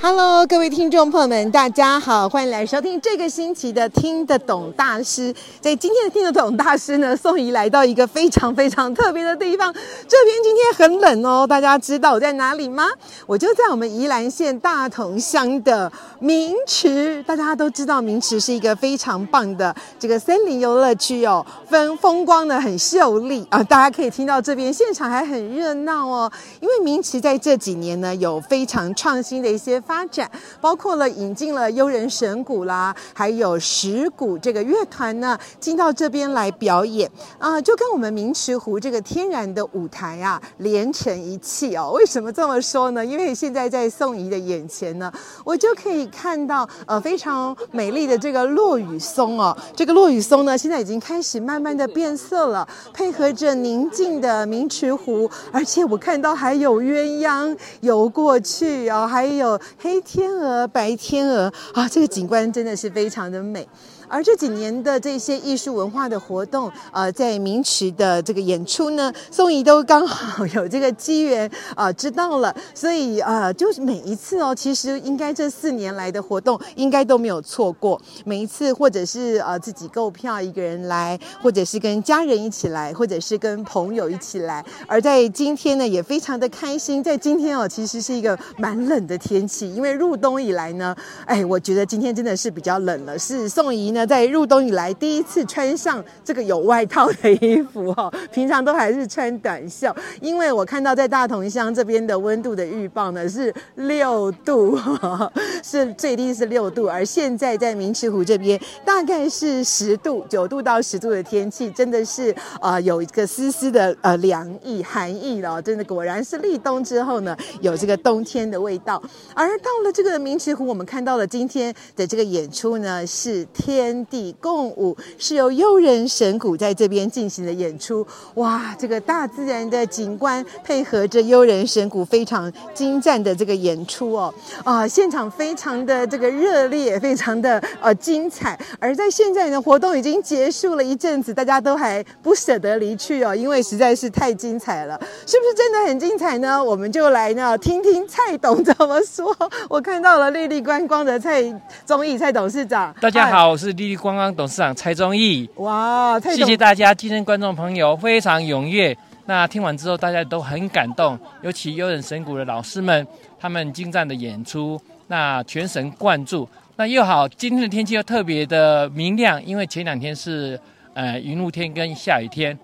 哈嘍，Hello, 各位聽眾朋友們，大家好，歡迎來收聽這個星期的聽得懂大師。在今天的聽得懂大師呢，宋怡來到一個非常非常特別的地方。這邊今天很冷哦，大家知道我在哪裡嗎？我就在我們宜蘭縣大同鄉的明池。大家都知道明池是一個非常棒的這個森林遊樂區哦，風風光呢很秀麗啊。大家可以聽到這邊現場還很熱鬧哦，因為明池在這幾年呢，有非常創新的一些。發展包括了引進了優人神鼓啦，還有石鼓這個樂團呢，進到這邊來表演啊，呃，就跟我們明池湖這個天然的舞台啊連成一氣哦。為什麼這麼說呢？因為現在在宋怡的眼前呢，我就可以看到呃非常美麗的這個落羽松哦，這個落羽松呢現在已經開始慢慢的變色了，配合着寧靜的明池湖，而且我看到還有鴛鴦游過去哦，還有。黑天鵝、白天鵝啊，這個景觀真的是非常的美。而這幾年的這些藝術文化的活動，呃，在明池的這個演出呢，宋怡都剛好有這個機緣啊、呃，知道了，所以啊、呃，就是每一次哦，其實應該這四年來的活動，應該都沒有錯過。每一次或者是呃自己購票一個人來，或者是跟家人一起來，或者是跟朋友一起來。而在今天呢，也非常的開心。在今天哦，其實是一個蠻冷的天氣，因為入冬以來呢，哎，我覺得今天真的是比較冷了。是宋怡呢。在入冬以來第一次穿上這個有外套的衣服哦，平常都還是穿短袖，因為我看到在大同鄉這邊的溫度的預報呢是六度，呵呵，是最低是六度，而現在在明池湖這邊大概是十度，九度到十度的天氣，真的是啊、呃、有一個絲絲的呃涼意寒意了、哦，真的果然是立冬之後呢有這個冬天的味道，而到了這個明池湖，我們看到了今天的這個演出呢是天。天地共舞是由優人神鼓在這邊進行的演出。哇，這個大自然的景觀配合着優人神鼓非常精湛的這個演出哦，啊，現場非常的這個熱烈，非常的呃精彩。而在現在呢，活動已經結束了一陣子，大家都還不舍得離去哦，因為實在是太精彩了，是不是真的很精彩呢？我們就來呢聽聽蔡董怎麼說。我看到了力麗觀光的蔡宗易蔡董事長，大家好，我、嗯、是。力麗觀光董事長蔡宗易，哇，謝謝大家，今天觀眾朋友非常踴躍。那聽完之後，大家都很感動，尤其優人神鼓的老師們，他們精湛的演出，那全神貫注。那又好，今天的天氣又特別的明亮，因為前兩天是呃雲霧天跟下雨天。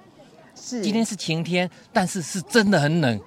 是，今天是晴天，但是是真的很冷，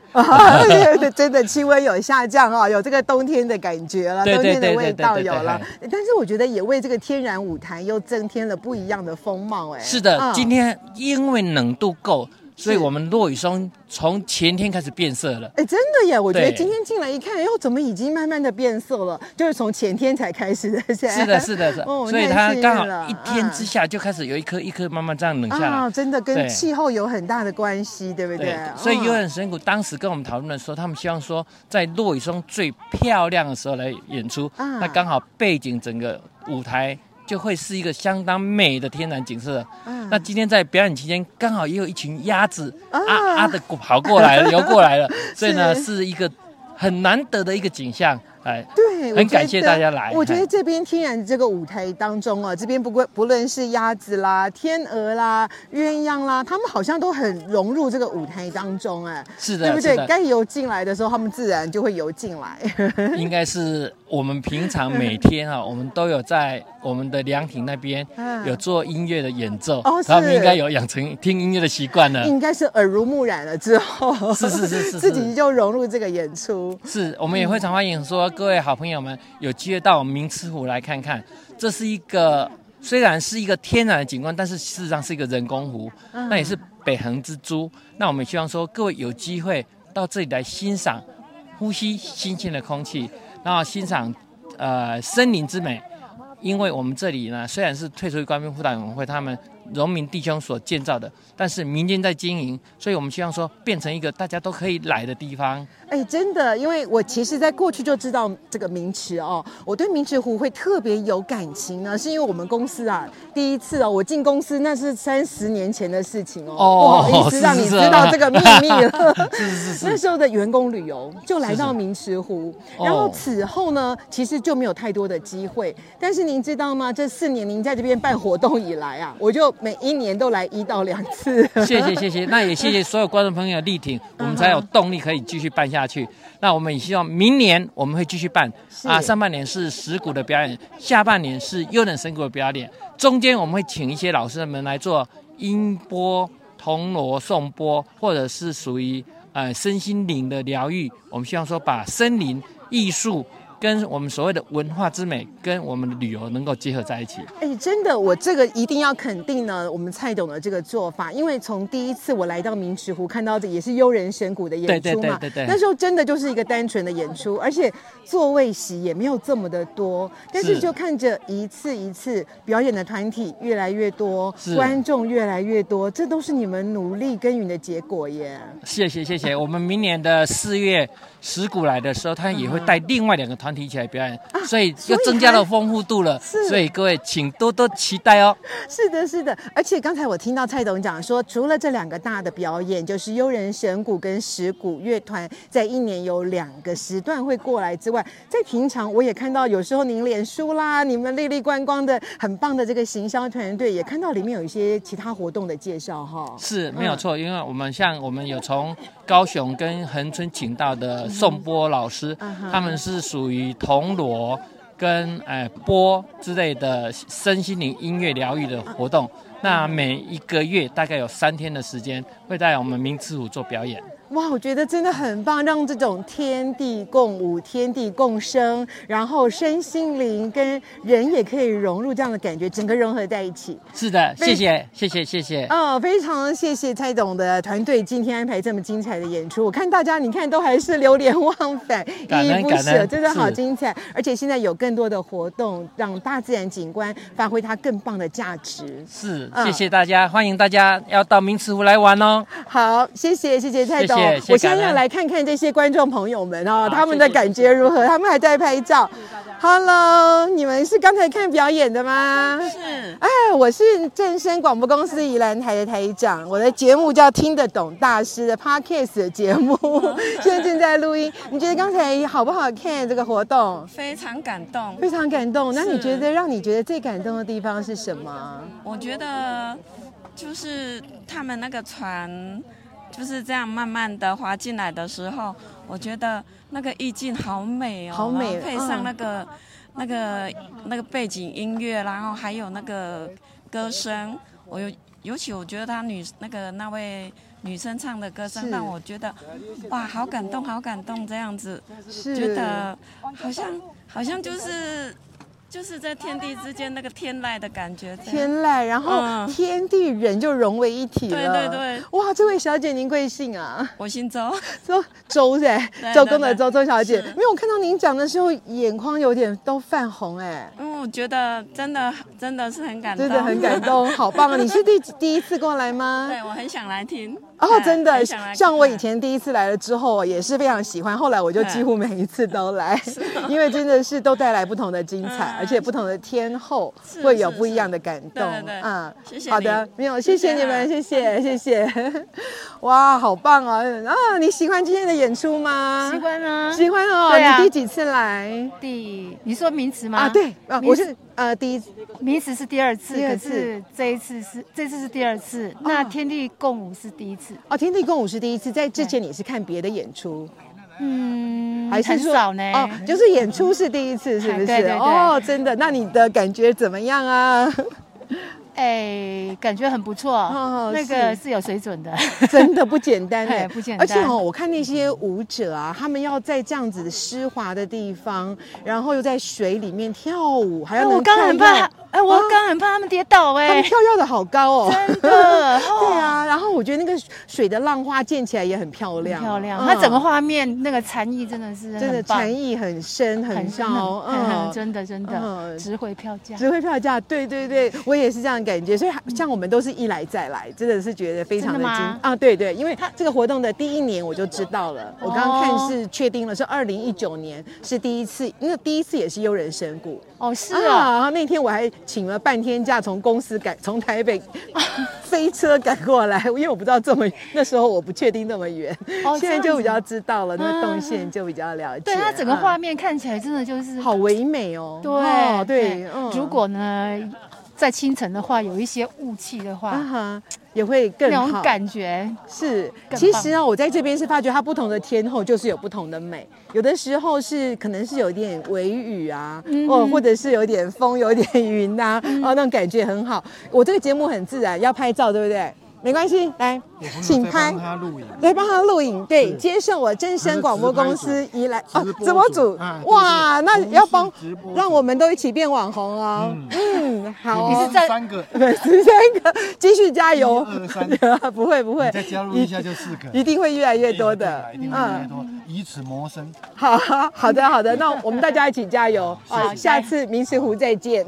真的氣溫有下降哦，有這個冬天的感覺了， 冬天的味道有了。對對對對對，但是我覺得也為這個天然舞台又增添了不一樣的風貌，欸，哎，是的，嗯、今天因為冷度夠。所以，我們落羽松從前天開始變色了。哎，真的耶！我覺得今天進來一看，又對、哎、怎麼已經慢慢的變色了？就是從前天才開始現在的。是的，是的，哦、所以它剛好一天之下就開始有一顆、啊、一顆慢慢這樣冷下來。啊、真的跟氣候有很大的關係，對不對？所以優人神鼓當時跟我們討論的時候，他們希望說在落羽松最漂亮的時候來演出。啊、他那剛好背景整個舞台，就會是一個相當美的天然景色。嗯、啊，那今天在表演期間，剛好也有一群鴨子啊啊，啊的跑過來了，游、啊、過來了，是所以呢，是一個很難得的一個景象，哎，對，很感謝大家來。我覺，來我覺得這邊天然這個舞台當中啊，這邊不過不論是鴨子啦、天鵝啦、鴛鴦啦，他們好像都很融入這個舞台當中、啊，哎，是的，對不對？的該游進來的時候，他們自然就會游進來，應該是。我們平常每天啊，嗯、我們都有在我們的涼亭那邊有做音樂的演奏，哦、他們應該有養成聽音樂的習慣了。應該是耳濡目染了之後，是、是是是是，自己就融入這個演出。是，我們也非常歡迎說各位好朋友們有機會到我們明池湖來看看。這是一個雖然是一個天然的景觀，但是事實上是一個人工湖，那、嗯、也是北橫之珠。那我們希望說各位有機會到這裡來欣賞，呼吸新鮮的空氣。然後欣賞，呃，森林之美，因為我們這裡呢，雖然是退除役官兵輔導委員會，他們。榮民弟兄所建造的，但是民間在經營，所以我們希望說變成一個大家都可以來的地方。哎、欸，真的，因為我其實在過去就知道這個明池哦，我對明池湖會特別有感情呢，是因為我們公司啊，第一次哦，我進公司那是三十年前的事情哦，哦不好意思是是是讓你知道這個秘密，了。是是是， 是那時候的員工旅遊就來到明池湖，是是然後此後呢，其實就沒有太多的機會。哦、但是您知道嗎？這四年您在這邊辦活動以來啊，我就。每一年都來一到兩次，謝謝謝謝，那也謝謝所有觀眾朋友的力挺，我們才有動力可以繼續辦下去。Uh huh. 那我們也希望明年我們會繼續辦是啊，上半年是十鼓的表演，下半年是優人神鼓的表演，中間我們會請一些老師們來做音波、銅鑼頌缽，或者是屬於呃身心靈的療癒。我們希望說把森林藝術。跟我們所謂的文化之美，跟我們的旅遊能夠結合在一起。哎、欸，真的，我這個一定要肯定呢，我們蔡董的這個做法。因為從第一次我來到明池湖，看到的也是優人神鼓的演出嘛，對對對對，對那時候真的就是一個單純的演出，而且座位席也沒有這麼的多。但是就看着一次一次表演的團體越來越多，是觀眾越來越多，這都是你們努力耕耘的結果耶。謝謝謝謝，我們明年的四月十鼓來的時候，他也會帶另外兩個團。提起來表演，所以又增加了豐富度了。啊、是，所以各位請多多期待哦。是的，是的。而且剛才我聽到蔡董講說，除了這兩個大的表演，就是優人神鼓跟十鼓樂團，在一年有兩個時段會過來之外，在平常我也看到，有時候您臉書啦，你們力麗觀光的很棒的這個行銷團隊也看到裡面有一些其他活動的介紹哈、哦。是沒有錯，嗯、因為我們像我們有從高雄跟恆春請到的宋波老師，嗯嗯嗯、他們是屬於。與銅鑼、跟哎缽，之類的身心靈音樂療癒的活動，那每一個月大概有三天的時間會在我們明池湖做表演。哇，我覺得真的很棒，讓這種天地共舞、天地共生，然後身心靈跟人也可以融入這樣的感覺，整個融合在一起。是的，常謝謝，謝謝，謝謝。哦，非常謝謝蔡總的團隊今天安排這麼精彩的演出，我看大家你看都還是流連忘返、依依恩不捨，恩真的好精彩。是而且現在有更多的活動，讓大自然景觀發揮它更棒的價值。是，哦、謝謝大家，歡迎大家要到明池湖來玩哦。好，謝謝，謝謝蔡總。謝謝謝謝，我現在要來看看這些觀眾朋友們哦，好他們的感覺如何？謝謝謝謝，他們還在拍照。謝謝 Hello，你們是剛才看表演的嗎？哦、是。哎，我是正聲廣播公司宜蘭台的台長，我的節目叫《聽得懂大師的》的 Podcast 節目，哦、現在正在錄音。你覺得剛才好不好看？這個活動非常感動，非常感動。那你覺得是讓你覺得最感動的地方是什麼？我覺得就是他們那個船。就是，是這樣慢慢的滑進來的時候，我覺得那個意境好美哦，好美，配上那個、嗯、那個、嗯、那個背景音樂，然後還有那個歌聲，我有，尤其我覺得他女那個那位女生唱的歌聲，讓是我覺得哇，好感動，好感動，這樣子，是覺得好像好像就是。就是在天地之間那個天籟的感覺，天籟，然後天地人就融為一體了。嗯、對對對，哇，這位小姐您貴姓啊？我姓周，周周噻，周，對對對，周公的周，周小姐，是沒有我看到您講的時候眼眶有點都泛紅哎，因為、嗯、我覺得真的真的是很感動。真的很感動，好棒啊、哦！ 你是第第一次過來嗎？對，我很想來聽。哦，真的，像我以前第一次來了之後，也是非常喜歡。後來我就幾乎每一次都來，因為真的是都帶來不同的精彩，而且不同的天候會有不一樣的感動。嗯，謝謝。好的，沒有，謝謝你們，謝謝謝謝。哇，好棒哦！啊，你喜歡今天的演出嗎？喜歡啊，喜歡哦。你第幾次來？第你說明池嗎？啊，對啊，我是。呃，第一次，名次是第二次，二次可是這一次是，這次是第二次。啊、那天地共舞是第一次。哦，天地共舞是第一次，在之前你是看別的演出，嗯對，還是很少呢。哦，就是演出是第一次，是不是？啊、對對對。哦，真的，那你的感覺怎麼樣啊？ 哎，感覺很不錯，哦、那個是有水準的，真的不簡單，哎， 不簡單。而且哦，我看那些舞者啊，他們要在這樣子濕滑的地方，然後又在水裡面跳舞，還要能看到。我剛很怕哎、欸，我剛很怕他們跌倒哎、欸啊，他們跳的好高哦，真的，哦、 對啊，然後我覺得那個水的浪花濺起來也很漂亮，漂亮，嗯、那整個畫面那個禪意真的是真的禪意很深很深哦，真的真的、嗯、值回票價、嗯，值回票價，對對對，我也是這樣感覺，所以像我們都是一來再來，嗯、真的是覺得非常的驚啊，對，對對，因為它這個活動的第一年我就知道了，我剛剛看是確定了是二零一九年是第一次，因為第一次也是優人神鼓哦，是啊，啊，然後那天我還。請了半天假，從公司趕從台北飛車趕過來，因為我不知道這麼那時候我不確定那麼遠，哦、現在就比較知道了，嗯嗯、那個動線就比較了解。對它整個畫面、嗯、看起來真的就是好唯美哦。對對，哦對嗯、如果呢？在清晨的話，有一些霧氣的話，啊哈，也會更好。那種感覺是，其實啊，我在這邊是發覺它不同的天候就是有不同的美。有的時候是可能是有點微雨啊，哦、嗯哼，或者是有點風、有點雲吶、啊，嗯、哼哦，那種感覺很好。我這個節目很自然，要拍照對不對？沒關係，來，請拍，來幫他錄影。對，接受我正聲廣播公司以來哦，直播主哇，那要幫，讓我們都一起變網紅哦。嗯，好，你是在三個，對，十三個，繼續加油。三個，不會不會，再加入一下就四個，一定會越來越多的，一定會越來越多，以此謀生。好好的好的，那我們大家一起加油啊！下次明池湖再見。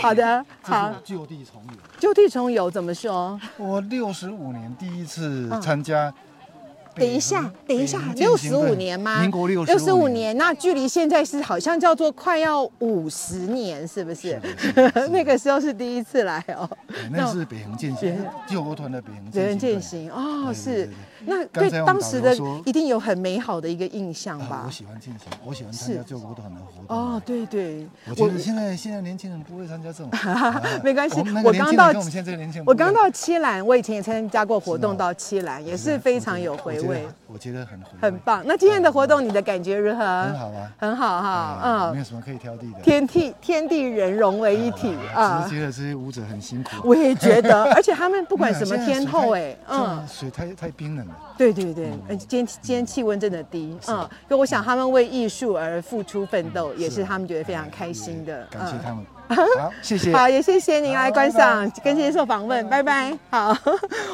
好的，好，舊地重遊。舊地重遊怎麼說？我六十五年第一次參加。等一下，等一下，六十五年嗎？六十五年，那距離現在是好像叫做快要五十年，是不是？是是是 那個時候是第一次來哦、喔。那是北橫健行的救國團的北橫健行哦，是。對對對對對那對當時的一定有很美好的一個印象吧？啊、我喜歡健行，我喜歡參加救國團的活動。哦，對對，我覺得現在我現在年輕人不會參加這種。啊、沒關係，我剛到我們現在年輕，我剛到宜蘭，我以前也參加過活動到宜蘭，也是非常有回味。對，我覺得很很棒。那今天的活動，你的感覺如何？很好啊，很好哈，嗯，沒有什麼可以挑剔的。天地天地人融為一體啊！只是覺得這些舞者很辛苦，我也覺得，而且他們不管什麼天候。哎，嗯，水太太冰冷了。對對對，今天今天氣溫真的低，嗯，所以我想他們為藝術而付出奮鬥，也是他們覺得非常開心的。感謝他們。好、啊，謝謝。好，也謝謝您來觀賞跟接受訪問，拜拜，拜拜。好，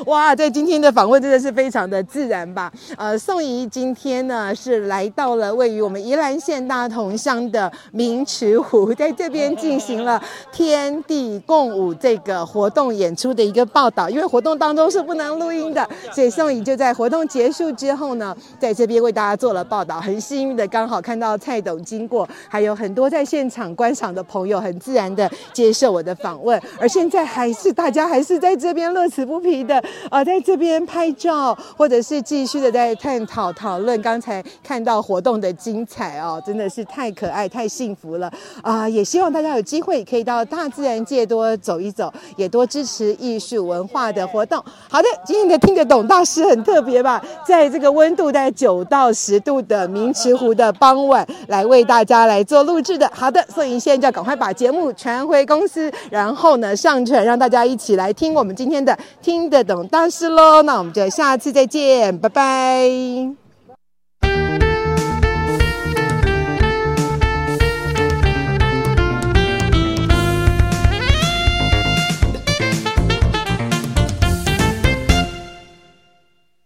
哇，在今天的訪問真的是非常的自然吧？呃，宋怡今天呢是來到了位於我們宜蘭縣大同鄉的明池湖，在這邊進行了天地共舞這個活動演出的一個報道。因為活動當中是不能錄音的，所以宋怡就在活動結束之後呢，在這邊為大家做了報道。很幸運的剛好看到蔡董經過，還有很多在現場觀賞的朋友，很自然的接受我的訪問，而現在還是大家還是在這邊樂此不疲的啊、呃，在這邊拍照，或者是繼續的在探討討論剛才看到活動的精彩哦，真的是太可愛太幸福了啊、呃！也希望大家有機會可以到大自然界多走一走，也多支持藝術文化的活動。好的，今天的聽得懂大師很特別吧，在這個溫度在九到十度的明池湖的傍晚來為大家來做錄製的。好的，所以現在就要趕快把節目。傳回公司，然後呢，上傳，讓大家一起來聽我們今天的聽得懂大師嘍。那我們就下次再見，拜拜。